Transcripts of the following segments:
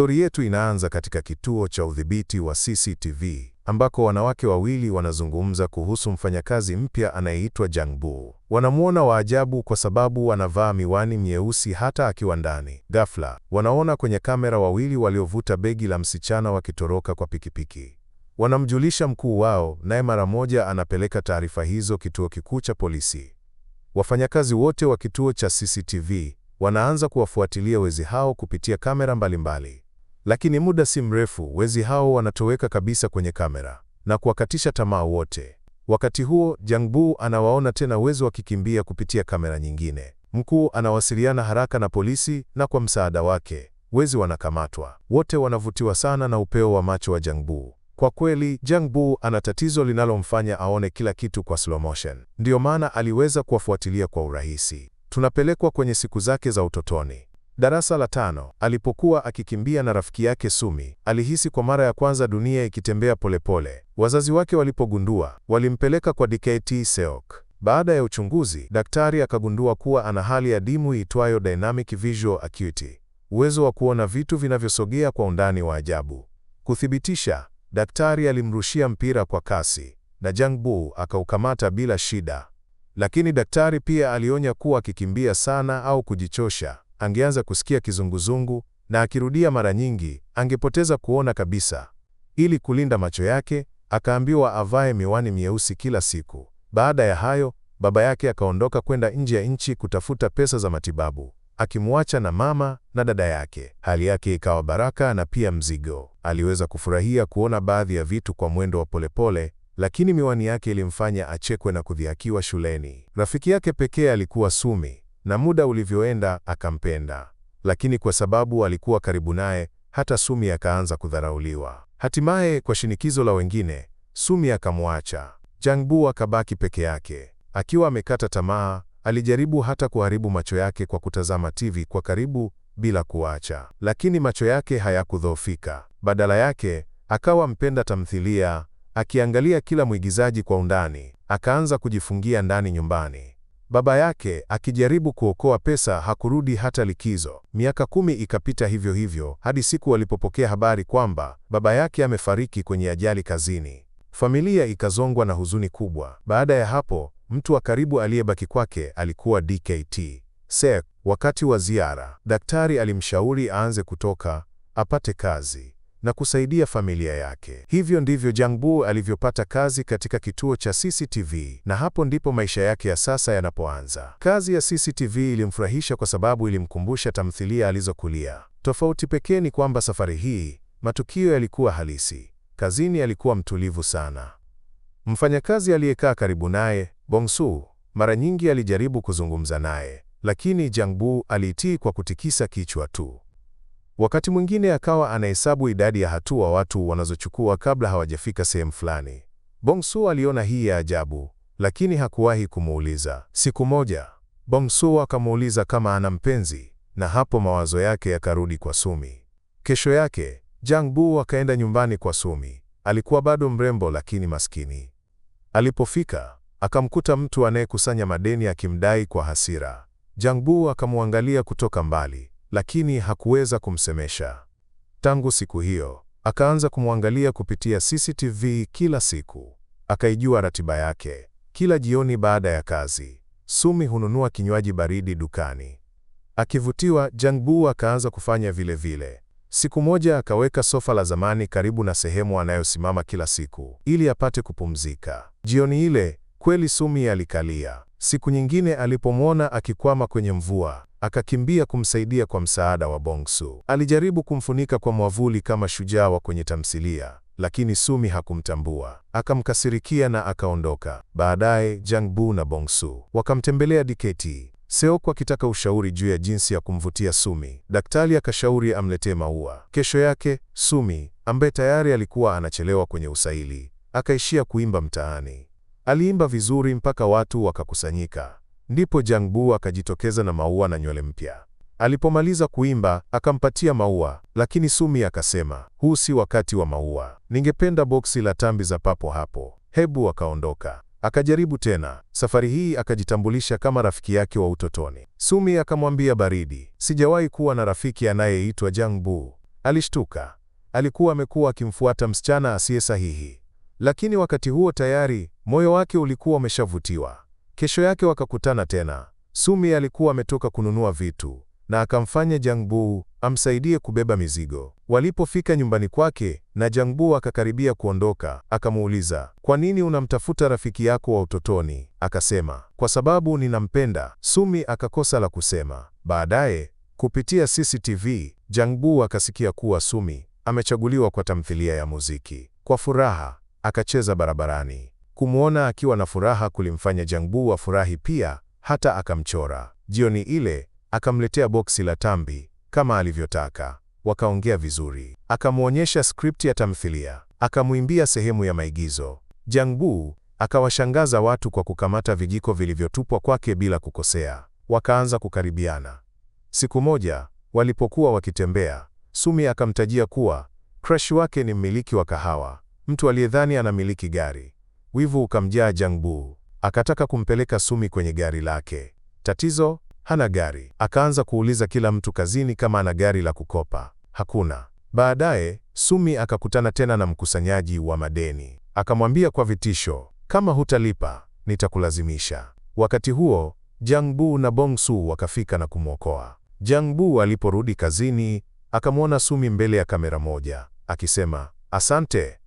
Stori yetu inaanza katika kituo cha udhibiti wa CCTV ambako wanawake wawili wanazungumza kuhusu mfanyakazi mpya anayeitwa Jangbu. Wanamwona wa ajabu kwa sababu anavaa miwani myeusi hata akiwa ndani. Ghafla, wanaona kwenye kamera wawili waliovuta begi la msichana wakitoroka kwa pikipiki. Wanamjulisha mkuu wao, naye mara moja anapeleka taarifa hizo kituo kikuu cha polisi. Wafanyakazi wote wa kituo cha CCTV wanaanza kuwafuatilia wezi hao kupitia kamera mbalimbali. Lakini muda si mrefu, wezi hao wanatoweka kabisa kwenye kamera na kuwakatisha tamaa wote. Wakati huo, Jangbu anawaona tena wezi wakikimbia kupitia kamera nyingine. Mkuu anawasiliana haraka na polisi na kwa msaada wake, wezi wanakamatwa. Wote wanavutiwa sana na upeo wa macho wa Jangbu. Kwa kweli, Jangbu ana tatizo linalomfanya aone kila kitu kwa slow motion. Ndiyo maana aliweza kuwafuatilia kwa urahisi. Tunapelekwa kwenye siku zake za utotoni. Darasa la tano. Alipokuwa akikimbia na rafiki yake Sumi, alihisi kwa mara ya kwanza dunia ikitembea polepole. Wazazi wake walipogundua, walimpeleka kwa Dkt. Seok. Baada ya uchunguzi, daktari akagundua kuwa ana hali adimu iitwayo Dynamic Visual Acuity, uwezo wa kuona vitu vinavyosogea kwa undani wa ajabu. Kuthibitisha, daktari alimrushia mpira kwa kasi na Jangbu akaukamata bila shida, lakini daktari pia alionya kuwa akikimbia sana au kujichosha angeanza kusikia kizunguzungu, na akirudia mara nyingi angepoteza kuona kabisa. Ili kulinda macho yake, akaambiwa avae miwani mieusi kila siku. Baada ya hayo, baba yake akaondoka kwenda nje ya nchi kutafuta pesa za matibabu, akimwacha na mama na dada yake. Hali yake ikawa baraka na pia mzigo. Aliweza kufurahia kuona baadhi ya vitu kwa mwendo wa polepole, lakini miwani yake ilimfanya achekwe na kudhiakiwa shuleni. Rafiki yake pekee alikuwa Sumi, na muda ulivyoenda akampenda, lakini kwa sababu alikuwa karibu naye, hata Sumi akaanza kudharauliwa. Hatimaye, kwa shinikizo la wengine, Sumi akamwacha. Jangbu akabaki peke yake. Akiwa amekata tamaa, alijaribu hata kuharibu macho yake kwa kutazama TV kwa karibu bila kuacha, lakini macho yake hayakudhoofika. Badala yake akawa mpenda tamthilia, akiangalia kila mwigizaji kwa undani. Akaanza kujifungia ndani nyumbani. Baba yake akijaribu kuokoa pesa hakurudi hata likizo. Miaka kumi ikapita hivyo hivyo hadi siku walipopokea habari kwamba baba yake amefariki kwenye ajali kazini. Familia ikazongwa na huzuni kubwa. Baada ya hapo, mtu wa karibu aliyebaki kwake alikuwa Dkt. Seck. Wakati wa ziara, daktari alimshauri aanze kutoka, apate kazi na kusaidia familia yake. Hivyo ndivyo Jangbu alivyopata kazi katika kituo cha CCTV, na hapo ndipo maisha yake ya sasa yanapoanza. Kazi ya CCTV ilimfurahisha kwa sababu ilimkumbusha tamthilia alizokulia. Tofauti pekee ni kwamba safari hii matukio yalikuwa halisi. Kazini alikuwa mtulivu sana. Mfanyakazi aliyekaa karibu naye, Bongsu, mara nyingi alijaribu kuzungumza naye, lakini Jangbu aliitii kwa kutikisa kichwa tu. Wakati mwingine akawa anahesabu idadi ya hatua watu wanazochukua kabla hawajafika sehemu fulani. Bongsu aliona hii ya ajabu, lakini hakuwahi kumuuliza. Siku moja, Bongsu akamuuliza kama ana mpenzi, na hapo mawazo yake yakarudi kwa Sumi. Kesho yake, Bu akaenda nyumbani kwa Sumi. Alikuwa bado mrembo lakini maskini. Alipofika, akamkuta mtu anayekusanya madeni akimdai kwa hasira. Bu akamwangalia kutoka mbali lakini hakuweza kumsemesha. Tangu siku hiyo akaanza kumwangalia kupitia CCTV kila siku, akaijua ratiba yake. Kila jioni baada ya kazi, Sumi hununua kinywaji baridi dukani. Akivutiwa, Jangbu akaanza kufanya vile vile. Siku moja akaweka sofa la zamani karibu na sehemu anayosimama kila siku ili apate kupumzika. Jioni ile kweli Sumi alikalia. Siku nyingine alipomwona akikwama kwenye mvua, akakimbia kumsaidia kwa msaada wa Bongsu. Alijaribu kumfunika kwa mwavuli kama shujaa wa kwenye tamthilia, lakini Sumi hakumtambua, akamkasirikia na akaondoka. Baadaye Jangbu na Bongsu wakamtembelea Diketi, seok akitaka ushauri juu ya jinsi ya kumvutia Sumi. Daktari akashauri amletee maua. Kesho yake Sumi, ambaye tayari alikuwa anachelewa kwenye usaili, akaishia kuimba mtaani. Aliimba vizuri mpaka watu wakakusanyika. Ndipo Jangbu akajitokeza na maua na nywele mpya. Alipomaliza kuimba, akampatia maua, lakini Sumi akasema, huu si wakati wa maua, ningependa boksi la tambi za papo hapo. Hebu akaondoka. Akajaribu tena, safari hii akajitambulisha kama rafiki yake wa utotoni. Sumi akamwambia baridi, sijawahi kuwa na rafiki anayeitwa Jangbu. Alishtuka, alikuwa amekuwa akimfuata msichana asiye sahihi, lakini wakati huo tayari moyo wake ulikuwa umeshavutiwa. Kesho yake wakakutana tena. Sumi alikuwa ametoka kununua vitu na akamfanya Jangbu amsaidie kubeba mizigo. Walipofika nyumbani kwake na Jangbu akakaribia kuondoka, akamuuliza, kwa nini unamtafuta rafiki yako wa utotoni? Akasema, kwa sababu ninampenda. Sumi akakosa la kusema. Baadaye kupitia CCTV Jangbu akasikia kuwa Sumi amechaguliwa kwa tamthilia ya muziki. Kwa furaha akacheza barabarani. Kumwona akiwa na furaha kulimfanya Jangbu afurahi pia, hata akamchora. Jioni ile akamletea boksi la tambi kama alivyotaka, wakaongea vizuri. Akamwonyesha skripti ya tamthilia, akamwimbia sehemu ya maigizo. Jangbu akawashangaza watu kwa kukamata vijiko vilivyotupwa kwake bila kukosea. Wakaanza kukaribiana. Siku moja walipokuwa wakitembea, Sumi akamtajia kuwa crush wake ni mmiliki wa kahawa, mtu aliyedhani anamiliki gari. Wivu ukamjaa Jangbu, akataka kumpeleka Sumi kwenye gari lake. Tatizo, hana gari. Akaanza kuuliza kila mtu kazini kama ana gari la kukopa, hakuna. Baadaye Sumi akakutana tena na mkusanyaji wa madeni, akamwambia kwa vitisho, kama hutalipa nitakulazimisha. Wakati huo Jangbu na Bongsu wakafika na kumwokoa. Jangbu aliporudi kazini akamwona Sumi mbele ya kamera moja akisema asante.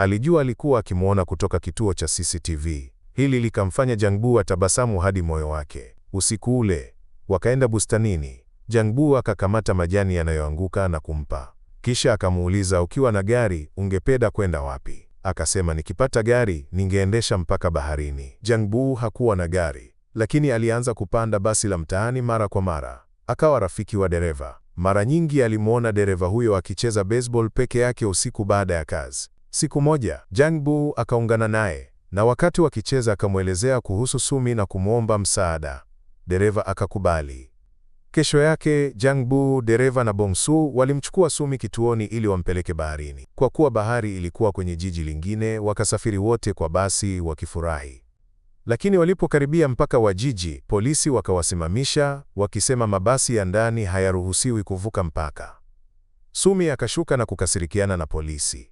Alijua alikuwa akimwona kutoka kituo cha CCTV. Hili likamfanya Jangbu atabasamu hadi moyo wake. Usiku ule wakaenda bustanini. Jangbu akakamata majani yanayoanguka na kumpa, kisha akamuuliza, ukiwa na gari ungependa kwenda wapi? Akasema, nikipata gari ningeendesha mpaka baharini. Jangbu hakuwa na gari, lakini alianza kupanda basi la mtaani mara kwa mara, akawa rafiki wa dereva. Mara nyingi alimwona dereva huyo akicheza baseball peke yake usiku baada ya kazi. Siku moja Jangbu akaungana naye na wakati wakicheza akamwelezea kuhusu Sumi na kumwomba msaada. Dereva akakubali. Kesho yake Jangbu, dereva na bong su walimchukua Sumi kituoni ili wampeleke baharini. Kwa kuwa bahari ilikuwa kwenye jiji lingine, wakasafiri wote kwa basi wakifurahi. Lakini walipokaribia mpaka wa jiji, polisi wakawasimamisha wakisema mabasi ya ndani hayaruhusiwi kuvuka mpaka. Sumi akashuka na kukasirikiana na polisi.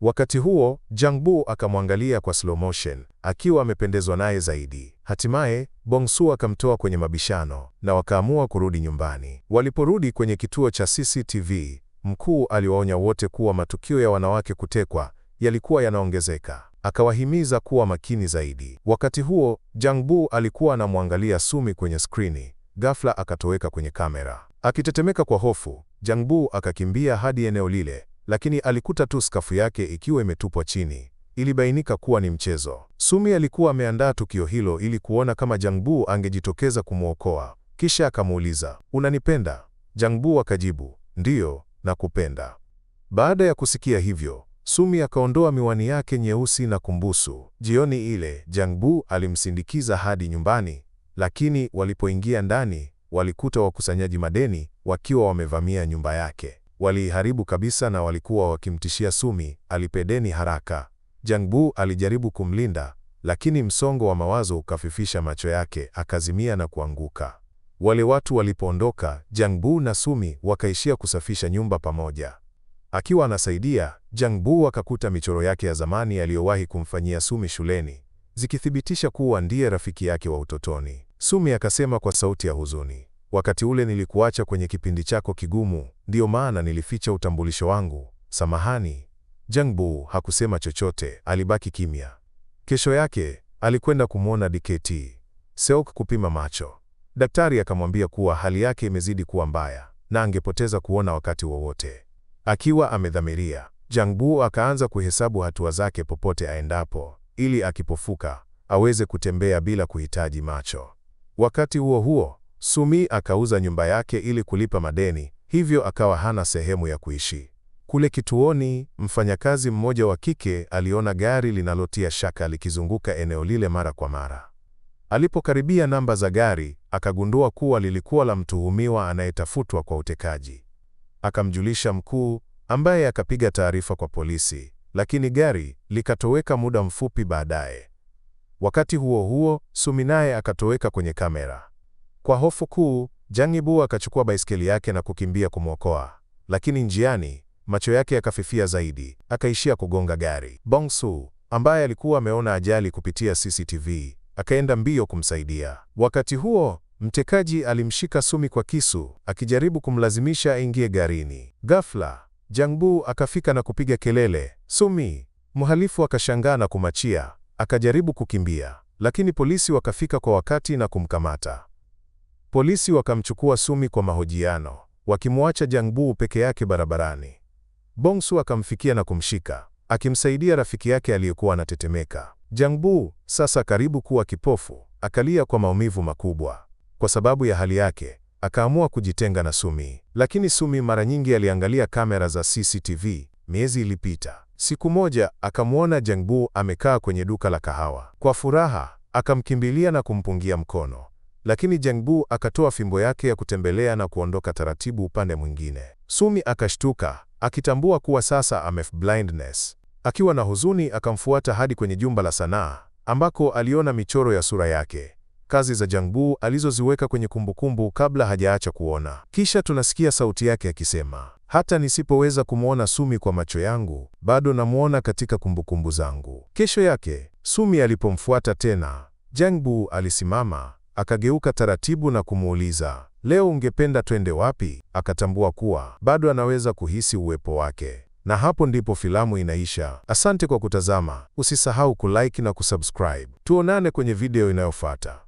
Wakati huo Jangbu akamwangalia kwa slow motion akiwa amependezwa naye zaidi. Hatimaye Bongsu akamtoa kwenye mabishano na wakaamua kurudi nyumbani. Waliporudi kwenye kituo cha CCTV, mkuu aliwaonya wote kuwa matukio ya wanawake kutekwa yalikuwa yanaongezeka, akawahimiza kuwa makini zaidi. Wakati huo Jangbu alikuwa anamwangalia Sumi kwenye skrini, ghafla akatoweka kwenye kamera. Akitetemeka kwa hofu, Jangbu akakimbia hadi eneo lile lakini alikuta tu skafu yake ikiwa imetupwa chini. Ilibainika kuwa ni mchezo. Sumi alikuwa ameandaa tukio hilo ili kuona kama Jangbu angejitokeza kumwokoa. Kisha akamuuliza, unanipenda? Jangbu akajibu, ndiyo, nakupenda. Baada ya kusikia hivyo, Sumi akaondoa miwani yake nyeusi na kumbusu. Jioni ile, Jangbu alimsindikiza hadi nyumbani, lakini walipoingia ndani, walikuta wakusanyaji madeni wakiwa wamevamia nyumba yake. Waliiharibu kabisa na walikuwa wakimtishia Sumi alipedeni haraka. Jangbu alijaribu kumlinda, lakini msongo wa mawazo ukafifisha macho yake, akazimia na kuanguka. Wale watu walipoondoka, Jangbu na Sumi wakaishia kusafisha nyumba pamoja. Akiwa anasaidia, Jangbu akakuta michoro yake ya zamani aliyowahi kumfanyia Sumi shuleni, zikithibitisha kuwa ndiye rafiki yake wa utotoni. Sumi akasema kwa sauti ya huzuni, Wakati ule nilikuacha kwenye kipindi chako kigumu, ndiyo maana nilificha utambulisho wangu. Samahani. Jangbu hakusema chochote, alibaki kimya. Kesho yake alikwenda kumwona Dkt. Seok kupima macho. Daktari akamwambia kuwa hali yake imezidi kuwa mbaya na angepoteza kuona wakati wowote. Akiwa amedhamiria, Jangbu akaanza kuhesabu hatua zake popote aendapo, ili akipofuka aweze kutembea bila kuhitaji macho. Wakati huo huo Sumi akauza nyumba yake ili kulipa madeni, hivyo akawa hana sehemu ya kuishi. Kule kituoni, mfanyakazi mmoja wa kike aliona gari linalotia shaka likizunguka eneo lile mara kwa mara. Alipokaribia namba za gari, akagundua kuwa lilikuwa la mtuhumiwa anayetafutwa kwa utekaji. Akamjulisha mkuu, ambaye akapiga taarifa kwa polisi, lakini gari likatoweka muda mfupi baadaye. Wakati huo huo, Sumi naye akatoweka kwenye kamera. Kwa hofu kuu, Jangibu akachukua baiskeli yake na kukimbia kumwokoa, lakini njiani macho yake yakafifia zaidi, akaishia kugonga gari. Bongsu ambaye alikuwa ameona ajali kupitia CCTV akaenda mbio kumsaidia. Wakati huo mtekaji alimshika Sumi kwa kisu akijaribu kumlazimisha aingie garini. Ghafla Jangbu akafika na kupiga kelele, Sumi! Mhalifu akashangaa na kumachia, akajaribu kukimbia, lakini polisi wakafika kwa wakati na kumkamata. Polisi wakamchukua Sumi kwa mahojiano, wakimwacha Jangbu peke yake barabarani. Bongsu akamfikia na kumshika, akimsaidia rafiki yake aliyekuwa anatetemeka. Jangbu, sasa karibu kuwa kipofu, akalia kwa maumivu makubwa. Kwa sababu ya hali yake, akaamua kujitenga na Sumi. Lakini Sumi mara nyingi aliangalia kamera za CCTV. Miezi ilipita. Siku moja akamwona Jangbu amekaa kwenye duka la kahawa. Kwa furaha, akamkimbilia na kumpungia mkono lakini Jangbu akatoa fimbo yake ya kutembelea na kuondoka taratibu upande mwingine. Sumi akashtuka akitambua kuwa sasa amef blindness. Akiwa na huzuni, akamfuata hadi kwenye jumba la sanaa ambako aliona michoro ya sura yake, kazi za Jangbu alizoziweka kwenye kumbukumbu kabla hajaacha kuona. Kisha tunasikia sauti yake akisema, hata nisipoweza kumwona Sumi kwa macho yangu, bado namwona katika kumbukumbu zangu. Kesho yake Sumi alipomfuata tena, Jangbu alisimama Akageuka taratibu na kumuuliza, leo ungependa twende wapi? Akatambua kuwa bado anaweza kuhisi uwepo wake. Na hapo ndipo filamu inaisha. Asante kwa kutazama, usisahau kulike na kusubscribe. Tuonane kwenye video inayofuata.